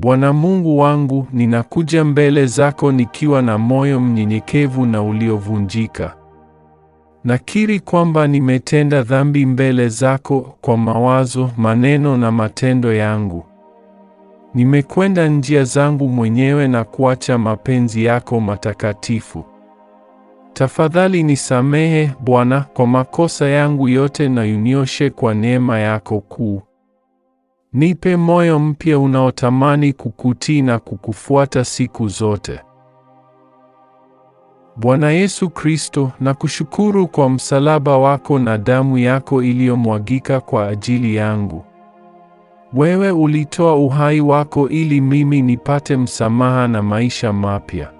Bwana Mungu wangu, ninakuja mbele zako nikiwa na moyo mnyenyekevu na uliovunjika. Nakiri kwamba nimetenda dhambi mbele zako kwa mawazo, maneno na matendo yangu. Nimekwenda njia zangu mwenyewe na kuacha mapenzi yako matakatifu. Tafadhali nisamehe Bwana kwa makosa yangu yote na unioshe kwa neema yako kuu. Nipe moyo mpya unaotamani kukutii na kukufuata siku zote. Bwana Yesu Kristo, nakushukuru kwa msalaba wako na damu yako iliyomwagika kwa ajili yangu. Wewe ulitoa uhai wako ili mimi nipate msamaha na maisha mapya.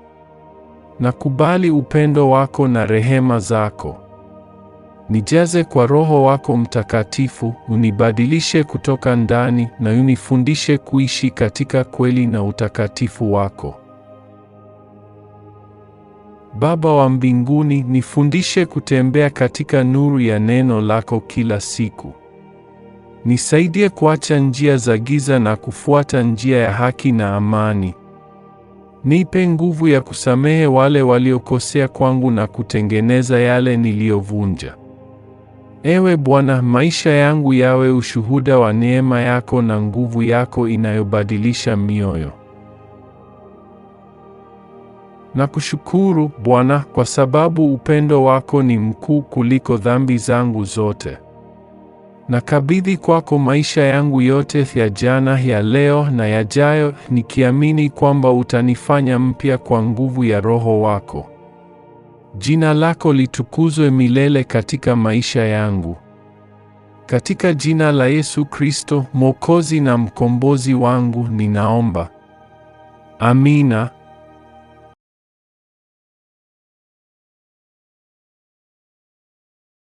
Nakubali upendo wako na rehema zako. Nijaze kwa Roho wako Mtakatifu, unibadilishe kutoka ndani na unifundishe kuishi katika kweli na utakatifu wako. Baba wa mbinguni, nifundishe kutembea katika nuru ya neno lako kila siku. Nisaidie kuacha njia za giza na kufuata njia ya haki na amani. Nipe nguvu ya kusamehe wale waliokosea kwangu na kutengeneza yale niliyovunja. Ewe Bwana, maisha yangu yawe ushuhuda wa neema yako na nguvu yako inayobadilisha mioyo. Nakushukuru Bwana kwa sababu upendo wako ni mkuu kuliko dhambi zangu zote. Nakabidhi kwako maisha yangu yote ya jana, ya leo na yajayo, nikiamini kwamba utanifanya mpya kwa nguvu ya Roho wako. Jina lako litukuzwe milele katika maisha yangu. Katika jina la Yesu Kristo, Mwokozi na mkombozi wangu, ninaomba. Amina.